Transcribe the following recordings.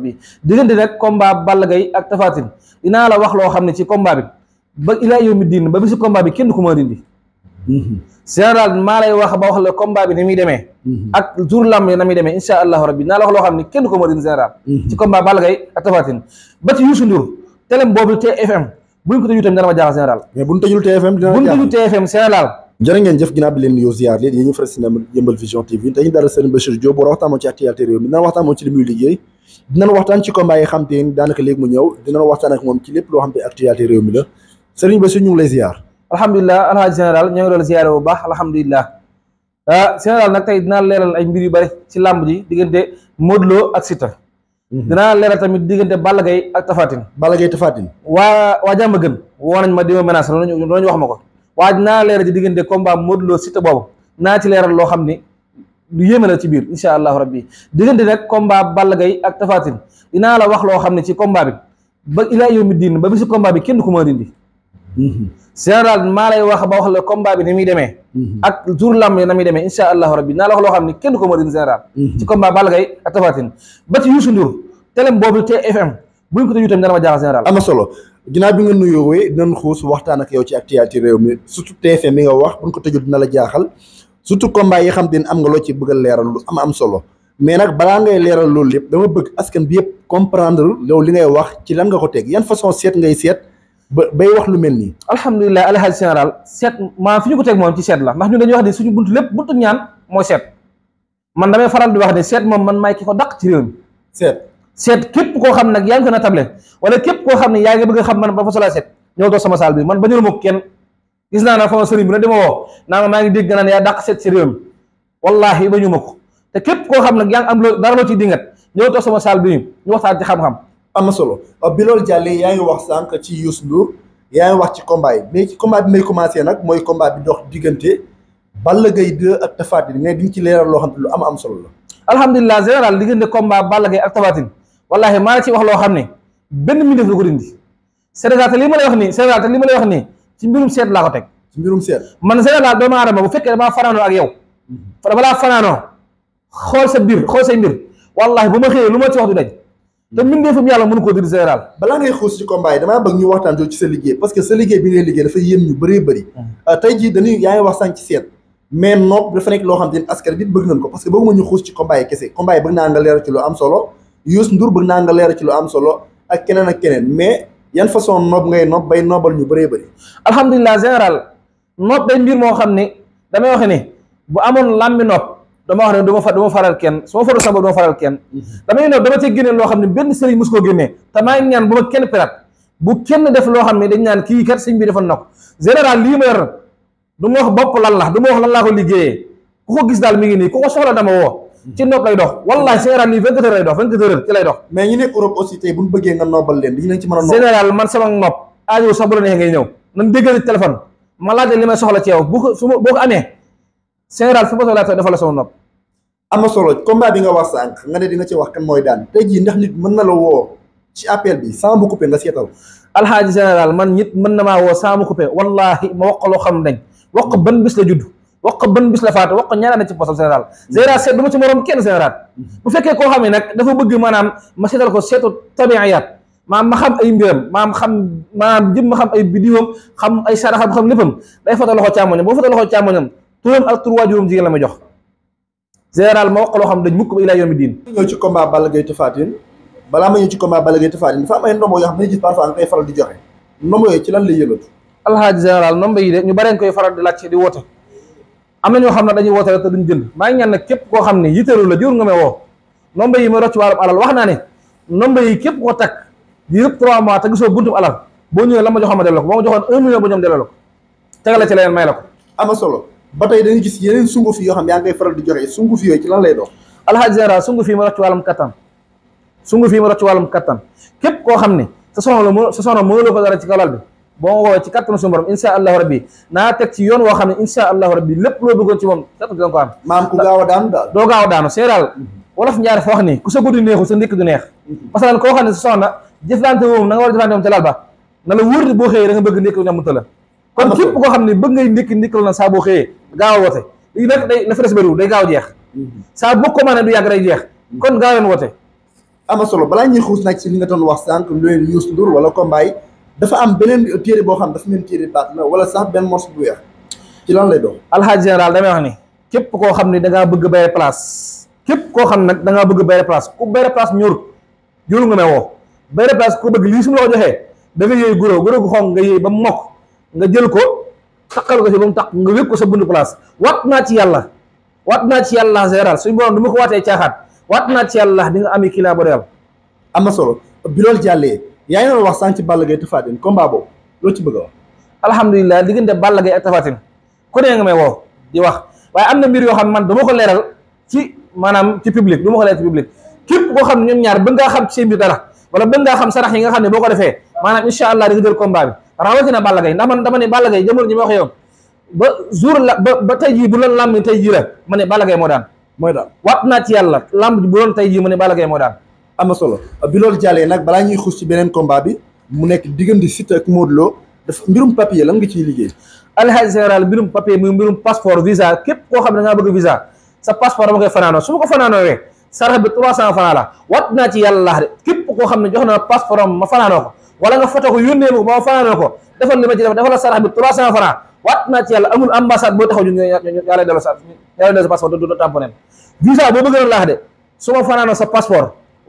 bi diggante nag combat Balla Gaye ak Tapha Tine dinaa la wax loo xam ne ci combat bi ba ilaa yawmi diin ba bisu combat bi kenn du ko mën a dindi mhm. général maa lay wax ba wax la mhm. na muy demee insha allahu rabbi dinaa la wax loo xam ne kenn du ko mën a dindi général mhm. ci combat Balla Gaye ak Tapha Tine ba ci Youssou Ndour telem boobu TFM buñ ko tëjul tamit dana ma TFM dina jërë ngeen jëf ginnaaw bi leen nuyoo ziar leen yéen ñu faral si Yeumbeul Vision TV tey ñu dara Serigne Bachir Diop war a waxtaan moom ci actualité réew mi dinañ waxtaan moom ci li muy te mu ñëw dinañ waxtaan ak moom ci lépp loo xam te actualité réew mi la Serigne Bachir ñu ngi lay ziar alhamdulilah alhaji général ñoo ngi doon ziar bu baax alhamdulilah ah général nag tey dinaa leeral ay mbir yu bare ci làmb ji diggante Modou Lo ak Siteu mhm. dinaa leeral tamit diggante Balla Gaye ak Tapha Tine Balla Gaye Tapha Tine waa waa jàmba gën woo nañ ma di ma wax ma ko waaye naa leeral ci diggante combat Modou Lo Siteu boobu naa ci leeral loo xam ni lu yéeme la ci biir incha allahu rabbi diggante nag combat Balla Gaye ak Tapha Tine dinaa la wax loo xam ne ci combat bi ba ilaa yawmi diin ba bisu combat bi kenn du ko mën a dindi. Mm-hmm. général maa lay wax ba wax la combat bi ni muy demee. Mm-hmm. ak jour lamb na muy demee incha allahu rabbi dinaa la wax loo xam ne kenn du ko mën a dindi général. Mm-hmm. ci combat Balla Gaye ak Tapha Tine ba ci Youssou Ndour telem boobu TFM. bu ñu ko tëjee tamit dana ma jaaxal général. am na solo ginnaaw bi nga nuyoowee dinañ xuus waxtaan ak yow ci actualité réew mi surtout TFM mi nga wax bu ñu ko tëjee dina la jaaxal surtout combat yi xam te ne am nga loo ci bëgg leeral am am solo mais nag balaa ngay leeral loolu yépp dama bëgg askan bi yëpp comprendre yow li ngay wax ci lan nga ko teg yan façon seet ngay seet ba bay wax lu mel nii. alhamdulilah alhaji général seet maa fi ñu ko teg moom ci seet la ndax ñun dañuy wax ne suñu buntu lépp buntu ñaan mooy seet man damay faral di wax ne seet moom man maay ki ko dàq ci réew mi seet seet képp koo xam nag yaa ngi ko na table wala képp koo xam ne yaa ngi bëgg a xam man ba fa solaa seet ñëw toog sama saal bi man ba ñul mukk kenn gis naa na fama sëriñ bi na dima woo naa maa ngi dégg naan yaa dàq seet si réew mi wallahi ba ñu ma ko te képp koo xam nag yaa ngi am loo dara loo ci dingat ñëw sama saal bi ñu waxtaan ci xam-xam am na solo bi loolu jàllee yaa ngi wax sànq ci Youssou Ndour yaa ngi wax ci combat yi mais ci bi may commencé nag mooy combat bi dox diggante Balla Gaye 2 ak Tapha Tine mais ci leeral loo xam ne lu am am solo la alhamdulilah général diggante combat Balla Gaye ak Tapha wallahi maa na wax loo xam ne benn mi def du ko dindi Sénégal te li ma lay wax nii ci mbirum seet laa ko teg ci mbirum seet doomu aadama bu fekkee damaa fanaanoo ak yow mhm. balaa fanaanoo sa mbir wallahi bu ma xëyee lu ma ci wax du daj te mbindeefum yàlla mënu koo dindi général balaa ngay xuus ci combat damaa bëgg ñu waxtaan ci sa liggéey parce que sa liggéey bi ngay liggéey dafa yéem ñu bëree bëri mhm. euh, tey jii dañuy yaa ngi wax sànq ci seet mais Youssou Ndour bëgg naa nga leer ci lu am solo ak keneen ak keneen mais yan façon nopp ngay nopp bay noppal ñu bëree bëri. alhamdulilah général nopp day mbir moo xam ne damay wax ne bu amoon làmmi nopp dama wax ne du ma fa du ma faral kenn su ma faral sama du ma faral kenn mhm. damay nopp dama cee génne loo xam ne benn sëriñ mos koo génnee te maa ñaan bu ma kenn perat bu kenn def loo xam ne dañ naan kii kat sëñ bi dafa nopp général lii ma yor du ma wax bopp lan la du ma wax lan laa ko liggéeyee ku ko gis daal mi ngi nii ku ko soxla dama woo. ci nopp lay dox wallaay général nii vingt quatre heures lay dox vingt quatre heures ci lay dox mais ñi nekk Europe aussi bu ñu bëggee nga noppal leen dañu leen ci mën a nopp général man sama nopp bu la neexee ngay ñëw nan déggante ci su ma boo ko amee dafa la sama nopp am na solo combat bi nga wax sànq nga ne ci wax kan mooy daan tey jii ndax nit mën na la woo ci appel bi sans mu coupé nga seetal alxaaji général man nit mën na maa woo sans mu coupé wallaahi ma wax loo xam nañ wax ko ban bis la juddu wax ko ban bis la faat wax ko ñaanaa na ci posam général général seet du ci morom kenn général bu fekkee koo xam ne nag dafa bëgg maanaam ma seetal ko seetu tabiiyaat maam ma xam ay mbiram maam xam maanaam jëm ma xam ay bidiwam xam ay saraxam xam léppam day foto loxo càmmoñam boo foto loxo càmmoñam turam ak tur waajuram jigéen la ma jox général ma wax xam dañ mukk ba ilaa yawmi diin ñëw ci combat Balla Gaye Tapha Tine balaa ma ñëw ci combat Balla Gaye Tapha Tine dafa yooyu ci lan lay yëngatu alxaaji général ndombo yi de ñu bare koy faral di laaj di woote am na ñoo xam ne dañuy woote rek te duñ jënd maa ngi ñaan képp koo xam ne yitteelu la jur nga may woo nomba yi may rocc wàllum alal wax naa ne nomba yi képp koo takk di yëpp 3 mois te gisoo bu alal boo ñëwee la ma joxoon ma delloo ko boo ma joxoon 1 million ba ñoom delloo la ko tegale ci leneen may la ko ama solo ba tey dañu gis yeneen sunguf yi yoo xam yaa ngay faral di joxe sunguf yooyu ci lan lay dox alxaaj général sunguf yi ma rocc wàllum kattan sunguf yi ma rocc wàllum kattan képp koo xam ne sa soxna la sa soxna mënuloo ko dara ci kawlal bi boo ma woowee ci kattanu suñu borom insha allahu rabbi naa teg ci yoon woo xam ne insha allahu rabbi lépp loo bëggoon ci moom sax a daanu daal doo gaaw a daanu seeraal wolof njaare fa sa guddi neexul sa ndékk koo xam ne sa soxna a na boo xëyee da nga bëgg ndékk lu ñamuta la koo xam ne bëgg ngay ndékki ndékk na saa boo xëyee gaaw a woote lii nag day la fres day gaaw jeex saa boo ko mënee du yàgg day jeex kon gaaw leen woote ama solo balaa ñuy xuus nag ci li nga doon wax sànq lu leen Youssou dafa am beneen téere boo xam dafa mel téere baat la wala sax benn morceau bu weex ci lan lay doon. alxaaj général damay wax ni képp koo xam ne da bëgg bëgg bayre place képp koo xam nag da bëgg bëgg bayre place ku bayre place ñorut jëlu nga may woo bayre place ku bëgg lii su ma la ko joxee da nga guro guro gu xonk nga yëy ba mu mokk nga jël ko taqal ko si ba mu taq nga wékk ko sa bundu place waat naa ci yàlla waat naa ci yàlla général suñu borom du ma ko waatee caaxaat waat naa ci yàlla di nga ami kilaa ba doyal am na solo bi loolu yaa ngi doon wax sànq ci Balla Gaye Tapha Tine combat boobu loo ci bëgg a wax. ku ne nga may woo di wax waaye am na mbir yoo xam ne man dama ko leeral ci maanaam ci public du ko koo xam ne ñoom ñaar bëgg ngaa xam ci seen biir dara wala bëgg ngaa xam sarax yi nga xam ne boo ko defee maanaam incha allah di nga jël combat bi rawatina Balla Gaye ndax man dama ne Balla Gaye jamono ma wax yow ba jour la ba ba tey jii bu doon làmb tey jii la ma ne Balla Gaye moo daan mooy daal waat naa ci yàlla làmb bu doon tey jii ma ne Balla Gaye am na solo bi loolu jàllee nag balaa ñuy xuus ci beneen combat bi mu nekk diggante Siteu ak Modou dafa mbirum papier lan nga liggéey. alxames général mbirum papier muy mbirum passeport visa képp koo xam ne da bëgg visa sa passeport na passeport am ma fanaanoo ko wala nga foto ko yónnee ma ma fanaanoo ko defal li ci def defal la sarax bi 300 francs wat naa ci yàlla amul ambassade boo taxaw ñu ñu yàlla delloo sa yàlla delloo sa passeport doo tamponné visa boo na laax de su ma fanaanoo sa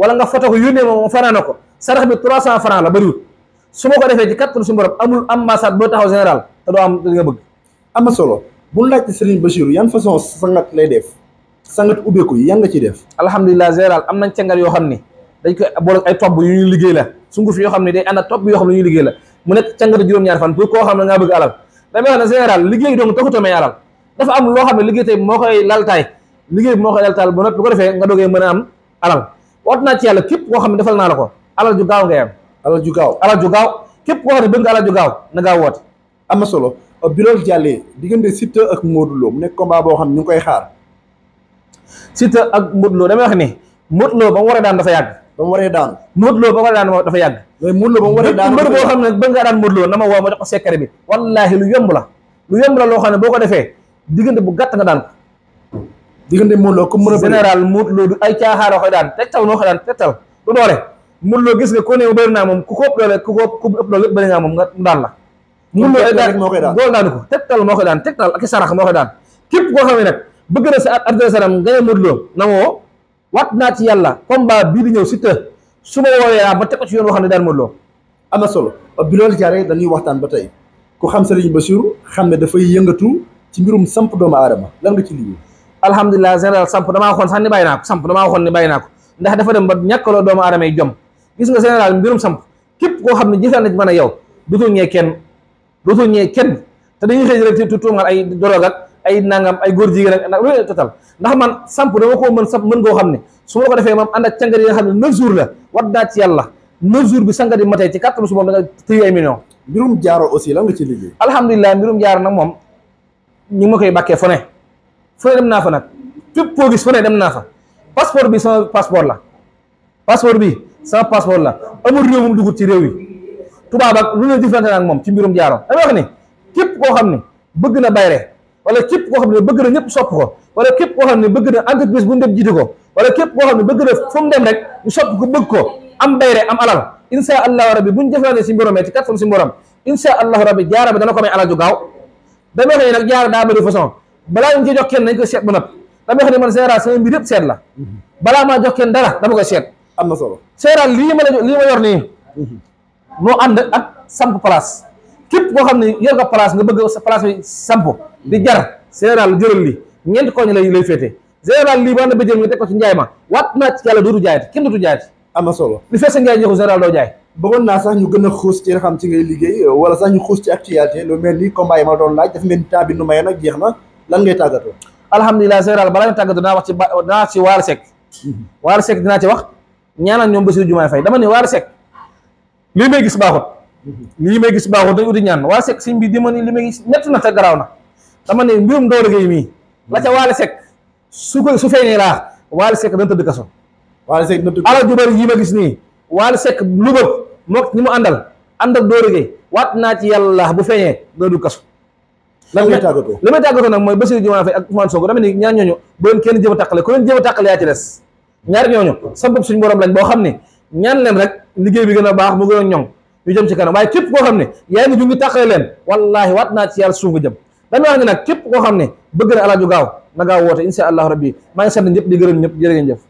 wala nga foto ko yónnee ma ma fanaana ko sarax bi 300 francs la bëriwul su ma ko defee ci kattan suñu borom amul ambassade boo taxaw général te doo am li nga na lay def sangat ubbeeku yan nga ciy def. alhamdulilah général am ay la sunguf yoo xam ne yoo xam ne ñuy liggéey la mu nekk cangatu juróom-ñaar fan pour koo xam ne ngaa bëgg alal damay wax ne général liggéey dong taxutoo may alal dafa am loo xam ne liggéey tey moo koy laltaay liggéey bi moo koy laltaay ba ko defee nga dogee mën a am alal wat naa ci yàlla képp koo xam ne defal naa la ko alal ju gaaw nga yam alal ju gaaw alal ju gaaw képp koo xam ne bëgg nga gaaw na gaaw woote am na solo bi loolu jàllee diggante Siteu ak Modou nekk combat boo xam ne ñu ngi koy xaar Siteu ak Modou Lo damay wax ne Modou Lo ba mu waree daan dafa yàgg ba daan mu waree daan dafa yàgg mais Modou Lo ba mu waree daan xam na ma woo ma jox ko secret bi wallaahi lu yomb la lu yomb la loo xam ne boo ko defee diggante bu gàtt nga daan diggante Modou Lo ku a bëri général Modou Lo du ay caaxaar waxee daan tegtal noo daan tegtal du doole Modou gis nga ku ne ma bëri naa moom ku ko ëpp doole ku ko ku ëpp doole yëpp bëri naa moom nga daan la Modou Lo dool daanu ko tegtal moo koy daan tegtal ak sarax moo koy daan képp koo xam ne nag bëgg na sa adversaire am nga ne Modou Lo na moo wat naa ci yàlla combat bii di ñëw Siteu su ma woowee laa ba teg ko yoon boo xam ne daan Modou Lo am na solo bi loolu jaaree dañuy waxtaan ba tey ku xam ba Bassirou xam ne dafay yëngatu ci mbirum samp doomu aadama lan nga ci liggéey alhamdulilah général samp damaa waxoon sax ni bàyyi naa ko samp damaa waxoon ni bàyyi naa ko ndax dafa dem ba ñàkkaloo doomu aadama yi jom gis nga général mbirum samp koo xam ne gisal na yow dootul ñee kenn dootul ñee kenn te dañuy xëy rek ay dorog ak ay nangam ay góor jigéen ak nag loolu total ndax man samp dama koo mën samp mën koo xam ne su ma ko defee moom ànd ak càngat yi nga xam la war naa ci yàlla neuf jours bi sangat yi ci kàttan su moom da ay millions mbirum jaaro aussi la nga ci liggéey alhamdulilah mbirum jaaro nag moom ñu ngi koy bàkkee fu ne fu ne dem naa nag fépp foo gis fu dem naa fa passeport bi sama passeport la passeport bi sama passeport la amul réew moom dugut ci réew yi tubaab ak lu ne jëflante ak moom ci mbirum jaaro dama wax ni koo xam ne bëgg na bayre wala koo xam ne bëgg na ñëpp sopp ko wala képp koo xam ne bëgg na entreprise bu ñu dem ko wala képp koo xam ne bëgg na fu mu dem rek ñu sopp ko bëgg alal insha allahu bu ñu jëflante si mbirum ci kat fan si jaara bi dana ko may alal ju gaaw dama daa bëri balaa ñu ci jox kenn dañ ko seet ba noppi dama xam ne man général sama mbir yëpp seet la balaa maa jox kenn dara dama koy seet am na solo général lii ma la lii ma yor nii moo ànd ak samp place képp koo xam ne yor nga place nga bëgg sa place bi samp di jar général jëral lii ñeent kooñ lay lay féete général lii nga teg ko ci njaay ma waat naa ci yàlla dootu jaayati kenn dootu jaayati am na solo li fees njaay ñëw général doo jaay bëggoon naa sax ñu gën a xuus ci nga xam ci ngay liggéey wala sax ñu xuus ci actualité lu mel ni combat yi ma doon laaj dafa mel ni bi nu may nag jeex na lan ngay tàggatoo alhamdulilah général balaa ñu tàggatoo naa wax ci dinaa wax ci Waly Seck mhm. Waly Seck dinaa ci wax ñaana ñoom Bassirou Diomaye Faye dama ne Waly Seck lii may gis baaxut mhm. lii may gis baaxut dañu uti ñaan Waly Seck sëñ bi dima ni li may gis ñett na te garaaw na dama ne mbirum Ndoro Gueye mii la ca Waly Seck su ko su feeñee laa Waly Seck dana tëdd kaso Waly Seck dana tëdd alal ju bari yi ma gis nii Waly Seck lu bëgg moo ñi mu àndal ànd ak Ndoro waat naa ci yàlla bu feeñee dana du lan ngay tàggatoo li may nag mooy Bassirou Diomaye Faye ak Ousmane Sonko dama ni ñaar ñooñu bu leen kenn jéem a tàqale ku leen jéem ci des ñaar ñooñu sa bopp suñu lañ boo xam ne ñaan leen rek liggéey bi gën a baax mu gën a ñoŋ ñu jëm ci kanam waaye képp koo xam ne yaa ngi ju ngi tàqale leen wallaahi waat naa ci yàlla suuf nga jëm dañu wax ne nag képp koo xam ne bëgg na alaaju gaaw na gaaw woote insha allahu rabbi maa ngi sant ñëpp di gërëm ñëpp jërë ngeen jëf